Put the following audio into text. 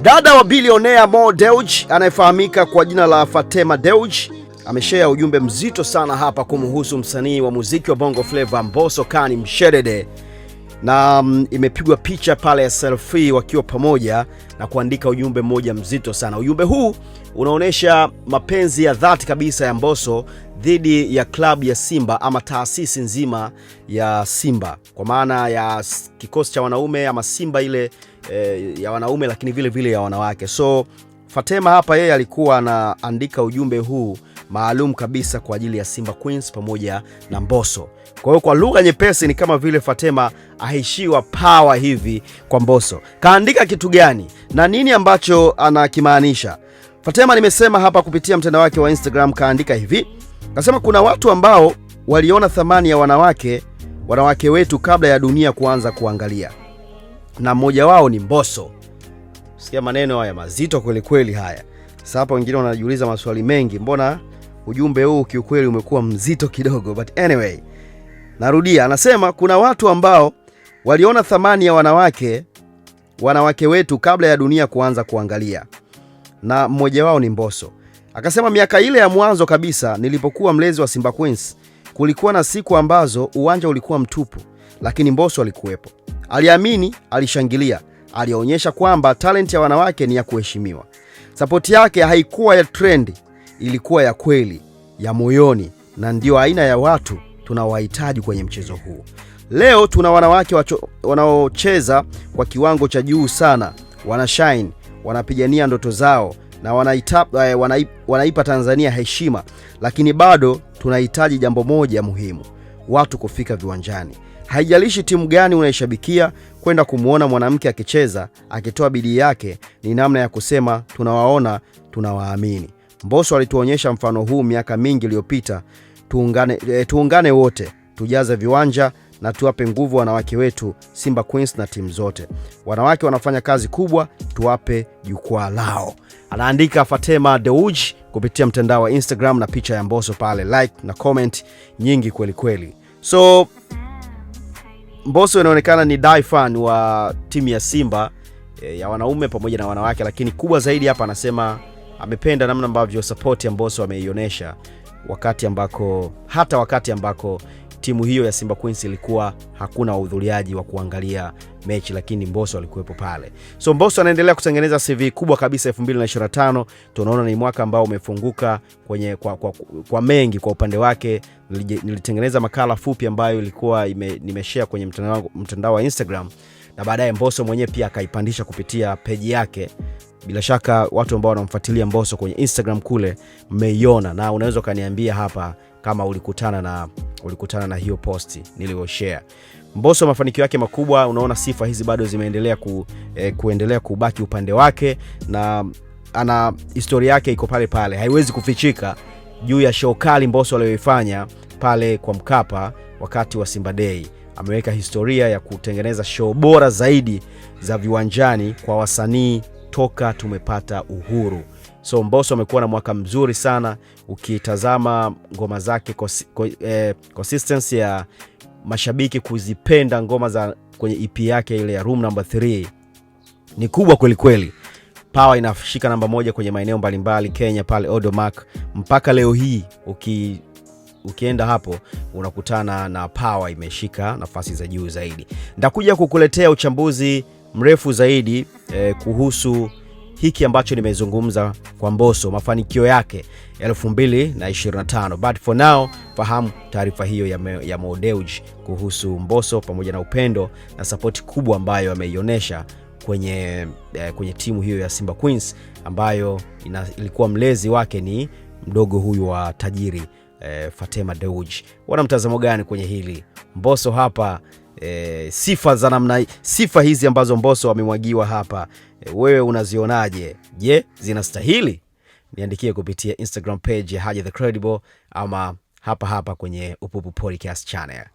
Dada wa bilionea Mo Dewji anayefahamika kwa jina la Fatema Dewji ameshea ujumbe mzito sana hapa kumhusu msanii wa muziki wa Bongo Flava Mbosso Kani Mshedede, na mm, imepigwa picha pale ya selfie wakiwa pamoja na kuandika ujumbe mmoja mzito sana. Ujumbe huu unaonyesha mapenzi ya dhati kabisa ya Mbosso dhidi ya klabu ya Simba ama taasisi nzima ya Simba, kwa maana ya kikosi cha wanaume ama Simba ile eh, ya wanaume lakini vile vile ya wanawake. So Fatema hapa yeye alikuwa anaandika ujumbe huu maalum kabisa kwa ajili ya Simba Queens pamoja na mboso Kwa hiyo kwa lugha nyepesi ni kama vile Fatema aishiwa pawa hivi kwa mboso Kaandika kitu gani na nini ambacho anakimaanisha? Fatema nimesema hapa kupitia mtandao wake wa Instagram kaandika hivi. Kasema kuna watu ambao waliona thamani ya wanawake, wanawake wetu kabla ya dunia kuanza kuangalia na mmoja wao ni Mbosso. Sikia maneno haya mazito kweli kweli haya. Sasa hapa wengine wanajiuliza maswali mengi, mbona ujumbe huu kiukweli umekuwa mzito kidogo, but anyway, narudia, anasema kuna watu ambao waliona thamani ya wanawake wanawake wetu kabla ya dunia kuanza kuangalia, na mmoja wao ni Mbosso. Akasema miaka ile ya mwanzo kabisa nilipokuwa mlezi wa Simba Queens, kulikuwa na siku ambazo uwanja ulikuwa mtupu, lakini Mbosso alikuwepo. Aliamini, alishangilia, alionyesha kwamba talenti ya wanawake ni ya kuheshimiwa. Sapoti yake haikuwa ya trendi, ilikuwa ya kweli, ya moyoni, na ndiyo aina ya watu tunawahitaji kwenye mchezo huu. Leo tuna wanawake wanaocheza kwa kiwango cha juu sana, wana shine, wanapigania ndoto zao na wanaita, eh, wanaipa Tanzania heshima, lakini bado tunahitaji jambo moja muhimu watu kufika viwanjani. Haijalishi timu gani unaishabikia, kwenda kumwona mwanamke akicheza, akitoa bidii yake ni namna ya kusema tunawaona, tunawaamini. Mbosso alituonyesha mfano huu miaka mingi iliyopita. Tuungane, e, tuungane wote tujaze viwanja na tuwape nguvu wanawake wetu Simba Queens na timu zote. Wanawake wanafanya kazi kubwa, tuwape jukwaa lao. Anaandika Fatema Deuj kupitia mtandao wa Instagram na picha ya Mbosso pale, like na comment nyingi kweli kweli. So Mbosso inaonekana ni die fan wa timu ya Simba e, ya wanaume pamoja na wanawake, lakini kubwa zaidi hapa anasema amependa namna ambavyo support ya Mbosso ameionyesha wakati ambako hata wakati ambako timu hiyo ya Simba Queens ilikuwa hakuna wahudhuriaji wa kuangalia mechi, lakini Mbosso alikuwepo pale. So Mbosso anaendelea kutengeneza CV kubwa kabisa 2025. Tunaona ni mwaka ambao umefunguka kwenye kwa, kwa, kwa mengi kwa upande wake. Nilitengeneza makala fupi ambayo ilikuwa nimeshare kwenye mtandao, mtandao wa Instagram na baadaye Mbosso mwenyewe pia akaipandisha kupitia peji yake. Bila shaka watu ambao wanamfuatilia Mbosso kwenye Instagram kule mmeiona, na unaweza ukaniambia hapa kama ulikutana na ulikutana na hiyo posti niliyoshare. Mbosso, mafanikio yake makubwa, unaona sifa hizi bado zimeendelea ku, eh, kuendelea kubaki upande wake na ana historia yake iko pale pale, haiwezi kufichika juu ya show kali Mbosso aliyoifanya pale kwa Mkapa wakati wa Simba Day. Ameweka historia ya kutengeneza show bora zaidi za viwanjani kwa wasanii toka tumepata uhuru. So Mbosso amekuwa na mwaka mzuri sana, ukitazama ngoma zake eh, consistency eh, ya mashabiki kuzipenda ngoma za kwenye EP yake ile ya Room Number 3 ni kubwa kwelikweli. Power inashika namba moja kwenye maeneo mbalimbali Kenya pale Odomark mpaka leo hii uki ukienda hapo unakutana na Power imeshika nafasi za juu zaidi. Ndakuja kukuletea uchambuzi mrefu zaidi eh, kuhusu hiki ambacho nimezungumza kwa Mbosso, mafanikio yake 2025. But for now, fahamu taarifa hiyo ya, ya Mo Dewji kuhusu Mbosso pamoja na upendo na sapoti kubwa ambayo ameionyesha kwenye, eh, kwenye timu hiyo ya Simba Queens ambayo ina, ilikuwa mlezi wake ni mdogo huyu wa tajiri eh, Fatema Dewji. Wana mtazamo gani kwenye hili? Mbosso hapa e, sifa za namna, sifa hizi ambazo Mbosso amemwagiwa hapa e, wewe unazionaje? Je, zinastahili? Niandikie kupitia Instagram page ya Haja the Credible ama hapa hapa kwenye Upupu Podcast Channel.